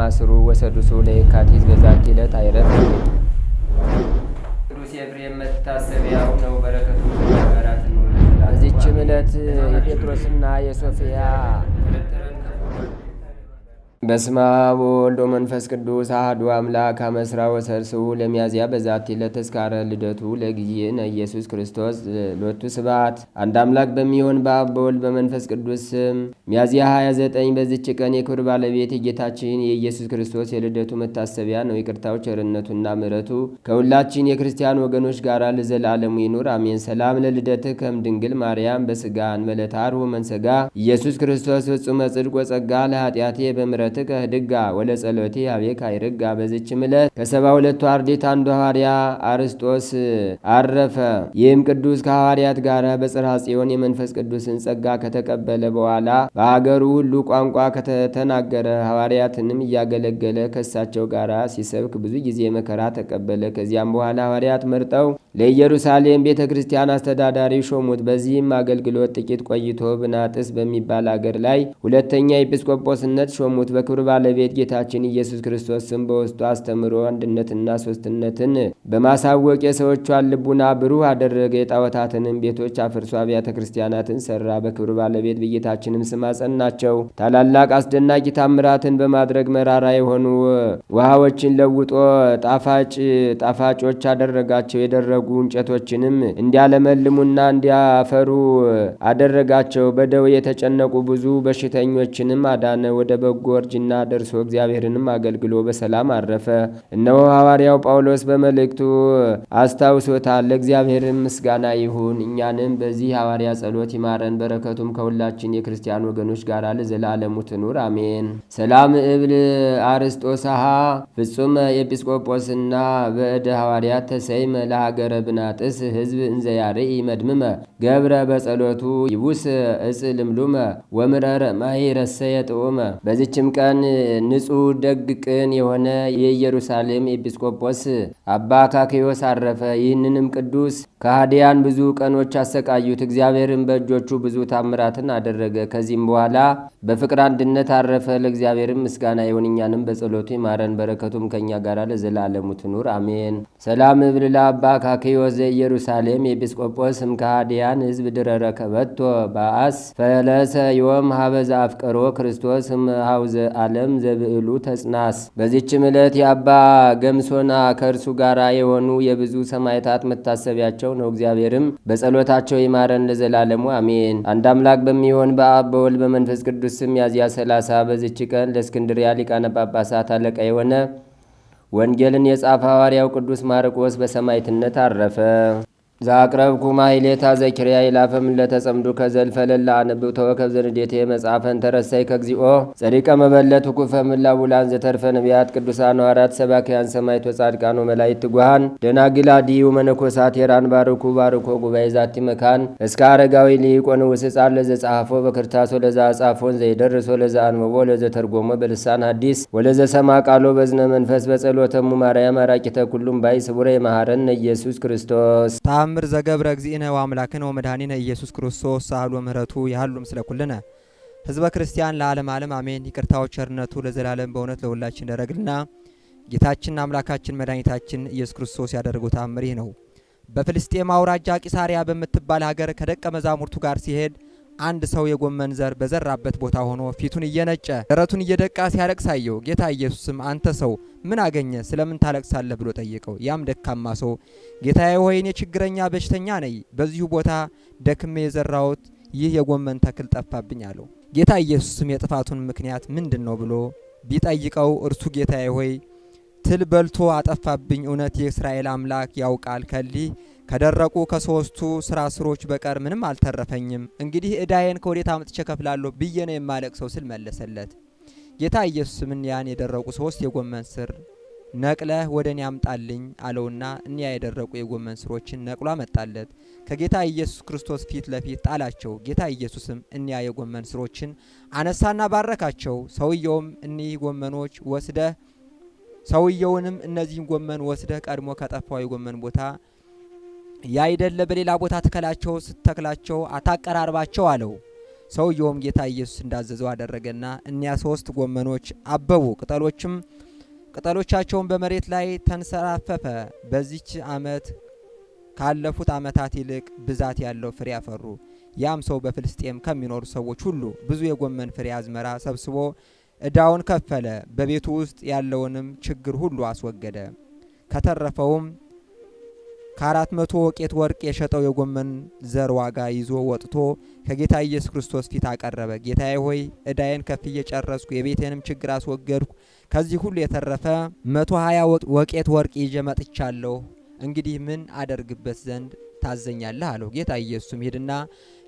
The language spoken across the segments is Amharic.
ማስሩ ወሰዱሱ ለየካቲት በዛቲ ዕለት አይረፍ ቅዱስ ኤፍሬም መታሰቢያው ነው። በረከቱ በዚችም ዕለት የጴጥሮስና የሶፊያ በስመ አብ ወወልድ ወመንፈስ ቅዱስ አህዱ አምላክ አመስራ ዕስራ ለሚያዝያ በዛቲ ዕለት ተስካረ ልደቱ ለእግዚእነ ኢየሱስ ክርስቶስ ሎቱ ስብሐት። አንድ አምላክ በሚሆን በአብ በወልድ በመንፈስ ቅዱስ ስም ሚያዝያ 29 በዚች ቀን የክብር ባለቤት የጌታችን የኢየሱስ ክርስቶስ የልደቱ መታሰቢያ ነው። ይቅርታው ቸርነቱና ምረቱ ከሁላችን የክርስቲያን ወገኖች ጋር ለዘላለሙ ይኑር አሜን። ሰላም ለልደትህ ከም ድንግል ማርያም በስጋ መለታር ወመንሰጋ ኢየሱስ ክርስቶስ ፍጹመ ጽድቅ ወጸጋ ለኃጢአቴ በምረ በረከትከ ህድጋ ጸሎቴ አቤካ ይርጋ። በዚች ምለት ከሰባ ሁለቱ አርዴት አንዱ ሐዋርያ አርስጦስ አረፈ። ይህም ቅዱስ ከሐዋርያት ጋር በጽርሐ ጽዮን የመንፈስ ቅዱስን ጸጋ ከተቀበለ በኋላ በአገሩ ሁሉ ቋንቋ ከተናገረ፣ ሐዋርያትንም እያገለገለ ከእሳቸው ጋር ሲሰብክ ብዙ ጊዜ መከራ ተቀበለ። ከዚያም በኋላ ሐዋርያት መርጠው ለኢየሩሳሌም ቤተ ክርስቲያን አስተዳዳሪ ሾሙት። በዚህም አገልግሎት ጥቂት ቆይቶ ብናጥስ በሚባል አገር ላይ ሁለተኛ ኤጲስቆጶስነት ሾሙት። በክብር ባለቤት ጌታችን ኢየሱስ ክርስቶስ ስም በውስጡ አስተምሮ አንድነትና ሶስትነትን በማሳወቅ የሰዎቿን ልቡና ብሩህ አደረገ። የጣዖታትንም ቤቶች አፍርሶ አብያተ ክርስቲያናትን ሰራ። በክብር ባለቤት በጌታችንም ስም አጸናቸው። ታላላቅ አስደናቂ ታምራትን በማድረግ መራራ የሆኑ ውሃዎችን ለውጦ ጣፋጭ ጣፋጮች አደረጋቸው። የደረጉ እንጨቶችንም እንዲያለመልሙና እንዲያፈሩ አደረጋቸው። በደዌ የተጨነቁ ብዙ በሽተኞችንም አዳነ። ወደ በጎ እርጅና ደርሶ እግዚአብሔርንም አገልግሎ በሰላም አረፈ። እነሆ ሐዋርያው ጳውሎስ በመልእክቱ አስታውሶታል። ለእግዚአብሔርም ምስጋና ይሁን፣ እኛንም በዚህ ሐዋርያ ጸሎት ይማረን። በረከቱም ከሁላችን የክርስቲያን ወገኖች ጋር ለዘላለሙ ትኑር አሜን። ሰላም እብል አርስጦሳሃ ፍጹም ኤጲስቆጶስና በእደ ሐዋርያት ተሰይመ ለሀገረ ብናጥስ ህዝብ እንዘያርኢ መድምመ ገብረ በጸሎቱ ይቡስ እጽ ልምሉመ ወምረረ ማይ ረሰየ ጥዑመ በዚችም ቀን ንጹሕ ደግ ቅን የሆነ የኢየሩሳሌም ኤጲስቆጶስ አባ አካክዮስ አረፈ። ይህንንም ቅዱስ ከሃዲያን ብዙ ቀኖች አሰቃዩት። እግዚአብሔርን በእጆቹ ብዙ ታምራትን አደረገ። ከዚህም በኋላ በፍቅር አንድነት አረፈ። ለእግዚአብሔርም ምስጋና ይሁን፣ እኛንም በጸሎቱ ይማረን፣ በረከቱም ከእኛ ጋር ለዘላለሙ ትኑር አሜን። ሰላም እብልላ አባ ካኪዮስ ዘኢየሩሳሌም ኤጲስቆጶስ እምከሃዲያን ህዝብ ድረረ ከበቶ በአስ ፈለሰ ዮም ሀበዘ አፍቀሮ ክርስቶስ እምሃውዘ አለም ዘብዕሉ ተጽናስ። በዚችም ዕለት የአባ ገምሶና ከእርሱ ጋራ የሆኑ የብዙ ሰማዕታት መታሰቢያቸው አድርገው ነው። እግዚአብሔርም በጸሎታቸው ይማረን ለዘላለሙ አሜን። አንድ አምላክ በሚሆን በአብ በወልድ በመንፈስ ቅዱስ ስም ሚያዝያ ሰላሳ በዚች ቀን ለእስክንድርያ ሊቃነ ጳጳሳት አለቃ የሆነ ወንጌልን የጻፈ ሐዋርያው ቅዱስ ማርቆስ በሰማዕትነት አረፈ። ዛቅረብኩ ማይሌታ ዘኪርያ ይላፈም ለተጸምዱ ከዘልፈለላ አነብብ ተወከብ ዘንዴቴ መጽሐፈን ተረሳይ ከግዚኦ ጸዲቀ መበለት ምላ ውላን ዘተርፈ ነቢያት ቅዱሳን ነዋራት ሰባክያን ሰማይቶ ጻድቃን መላይት ትጉሃን ደናግላ ዲዩ መነኮሳት የራን ባርኩ ባርኮ ጉባኤ ዛቲ መካን እስከ አረጋዊ ሊቆን ውስጻን ለዘጻሐፎ በክርታሶ ለዛ አጻፎን ዘይደርሶ ለዛ አንበቦ ለዘተርጎሞ በልሳን አዲስ ወለዘ ሰማ ቃሎ በዝነ መንፈስ በጸሎተሙ ማርያም አራቂተ ኩሉም ባይ ስቡረ የመሃረን ኢየሱስ ክርስቶስ ተአምር ዘገብረ እግዚእነ ወአምላክነ ወመድኃኒነ ኢየሱስ ክርስቶስ ሳህሉ ምህረቱ ያህሉ ምስለ ኩልነ ህዝበ ክርስቲያን ለዓለም ዓለም አሜን። ይቅርታው ቸርነቱ ለዘላለም በእውነት ለሁላችን ደረግልና ጌታችን አምላካችን መድኃኒታችን ኢየሱስ ክርስቶስ ያደረገው ተአምር ይህ ነው። በፍልስጤም አውራጃ ቂሳሪያ በምትባል ሀገር ከደቀ መዛሙርቱ ጋር ሲሄድ አንድ ሰው የጎመን ዘር በዘራበት ቦታ ሆኖ ፊቱን እየነጨ ደረቱን እየደቃ ሲያለቅስ አየው። ጌታ ኢየሱስም አንተ ሰው ምን አገኘ? ስለምን ታለቅሳለህ? ብሎ ጠየቀው። ያም ደካማ ሰው ጌታዬ ሆይ እኔ ችግረኛ በሽተኛ ነኝ፣ በዚሁ ቦታ ደክሜ የዘራሁት ይህ የጎመን ተክል ጠፋብኝ አለው። ጌታ ኢየሱስም የጥፋቱን ምክንያት ምንድን ነው ብሎ ቢጠይቀው እርሱ ጌታዬ ሆይ ትል በልቶ አጠፋብኝ፣ እውነት የእስራኤል አምላክ ያውቃል ከሊህ ከደረቁ ከሶስቱ ስራ ስሮች በቀር ምንም አልተረፈኝም። እንግዲህ እዳዬን ከወዴት አምጥቼ ከፍላለሁ ብዬ ነው የማለቅ ሰው ስል መለሰለት። ጌታ ኢየሱስምን ያን የደረቁ ሶስት የጎመን ስር ነቅለህ ወደ እኔ አምጣልኝ አለውና እኒያ የደረቁ የጎመን ስሮችን ነቅሎ አመጣለት። ከጌታ ኢየሱስ ክርስቶስ ፊት ለፊት ጣላቸው። ጌታ ኢየሱስም እኒያ የጎመን ስሮችን አነሳና ባረካቸው። ሰውየውም እኒህ ጎመኖች ወስደህ ሰውየውንም እነዚህን ጎመን ወስደህ ቀድሞ ከጠፋው የጎመን ቦታ ያ አይደለ በሌላ ቦታ ትከላቸው ስትተክላቸው አታቀራርባቸው አለው። ሰውየውም ጌታ ኢየሱስ እንዳዘዘው አደረገና እኒያ ሶስት ጎመኖች አበቡ፣ ቅጠሎችም ቅጠሎቻቸውን በመሬት ላይ ተንሰራፈፈ። በዚች ዓመት ካለፉት ዓመታት ይልቅ ብዛት ያለው ፍሬ አፈሩ። ያም ሰው በፍልስጤም ከሚኖሩ ሰዎች ሁሉ ብዙ የጎመን ፍሬ አዝመራ ሰብስቦ እዳውን ከፈለ፣ በቤቱ ውስጥ ያለውንም ችግር ሁሉ አስወገደ። ከተረፈውም ከአራት መቶ ወቄት ወርቅ የሸጠው የጎመን ዘር ዋጋ ይዞ ወጥቶ ከጌታ ኢየሱስ ክርስቶስ ፊት አቀረበ። ጌታዬ ሆይ እዳዬን ከፍዬ ጨረስኩ፣ የቤቴንም ችግር አስወገድኩ። ከዚህ ሁሉ የተረፈ መቶ ሀያ ወቄት ወርቅ ይዤ መጥቻለሁ። እንግዲህ ምን አደርግበት ዘንድ ታዘኛለህ አለው። ጌታ ኢየሱስም ሂድና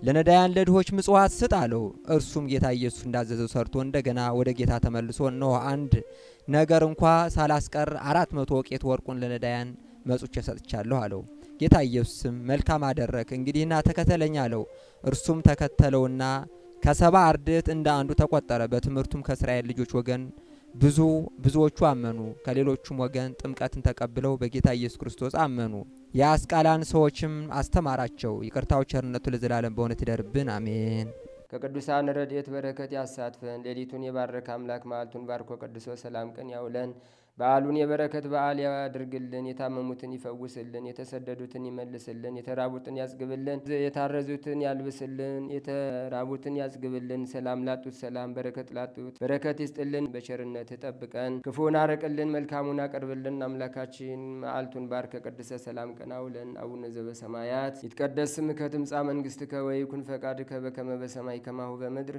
ለነዳያን ለድሆች ምጽዋት ስጥ አለው። እርሱም ጌታ ኢየሱስ እንዳዘዘው ሰርቶ እንደገና ወደ ጌታ ተመልሶ እነሆ አንድ ነገር እንኳ ሳላስቀር አራት መቶ ወቄት ወርቁን ለነዳያን መጹቼ ሰጥቻለሁ አለው። ጌታ ኢየሱስም መልካም አደረክ፣ እንግዲህና ተከተለኝ አለው። እርሱም ተከተለውና ከሰባ አርድእት እንደ አንዱ ተቆጠረ። በትምህርቱም ከእስራኤል ልጆች ወገን ብዙ ብዙዎቹ አመኑ። ከሌሎቹም ወገን ጥምቀትን ተቀብለው በጌታ ኢየሱስ ክርስቶስ አመኑ። የአስቃላን ሰዎችም አስተማራቸው። ይቅርታው ቸርነቱ ለዘላለም በእውነት ይደርብን፣ አሜን። ከቅዱሳን ረድኤት በረከት ያሳትፈን። ሌሊቱን የባረከ አምላክ መዓልቱን ባርኮ ቅዱሶ ሰላም ቀን ያውለን። በዓሉን የበረከት በዓል ያድርግልን። የታመሙትን ይፈውስልን። የተሰደዱትን ይመልስልን። የተራቡትን ያጽግብልን። የታረዙትን ያልብስልን። የተራቡትን ያጽግብልን። ሰላም ላጡት ሰላም፣ በረከት ላጡት በረከት ይስጥልን። በቸርነት ጠብቀን፣ ክፉን አረቅልን፣ መልካሙን አቅርብልን። አምላካችን መዓልቱን ባርከ ቀድሰ ሰላም ቀን አውለን። አቡነ ዘበሰማያት ይትቀደስ ስምከ ትምጻእ መንግስትከ ወይኩን ፈቃድከ በከመ በሰማይ ከማሁ በምድር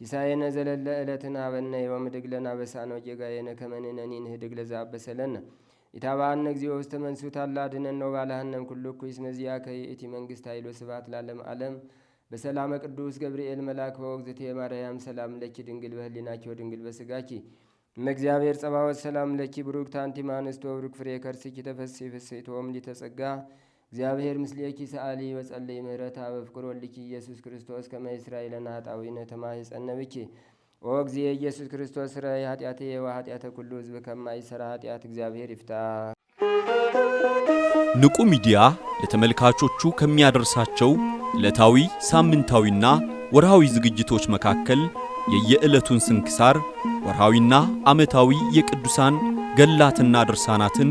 ሲሳየነ ዘለለ ዕለትን ሀበነ የወምድግለን አበሳነ ወጌጋየነ ከመንነኒ ንህድግ ለዛ አበሰለነ ኢታባአነ እግዚኦ ውስተ መንሱት አላድነን ነው ባላህነም ኩሉ ኩልኩ ይስመዚያ ከየእቲ መንግስት ኃይሎ ስባት ላለም አለም በሰላመ ቅዱስ ገብርኤል መልአክ በወግዝቴ ማርያም ሰላም ለኪ ድንግል በህሊናኪ ድንግል በስጋኪ እግዚአብሔር ጸባወት ሰላም ለኪ ብሩክ አንቲ እምአንስቶ ብሩክ ፍሬ ከርስኪ ተፈሥሒ ፍሥሕት ሆምሊተ እግዚአብሔር ምስሌኪ ሰአሊ በጸለይ ምህረት በፍቅር ወልኪ ኢየሱስ ክርስቶስ ከመ እስራኤልና ሀጣዊነ ተማህ ጸነብኪ ኦ እግዜ ኢየሱስ ክርስቶስ ስራይ የዋ ወኃጢአተ ኩሉ ህዝብ ከማይሰራ ኃጢአት እግዚአብሔር ይፍታ። ንቁ ሚዲያ ለተመልካቾቹ ከሚያደርሳቸው ዕለታዊ ሳምንታዊና ወርሃዊ ዝግጅቶች መካከል የየዕለቱን ስንክሳር ወርሃዊና ዓመታዊ የቅዱሳን ገላትና ድርሳናትን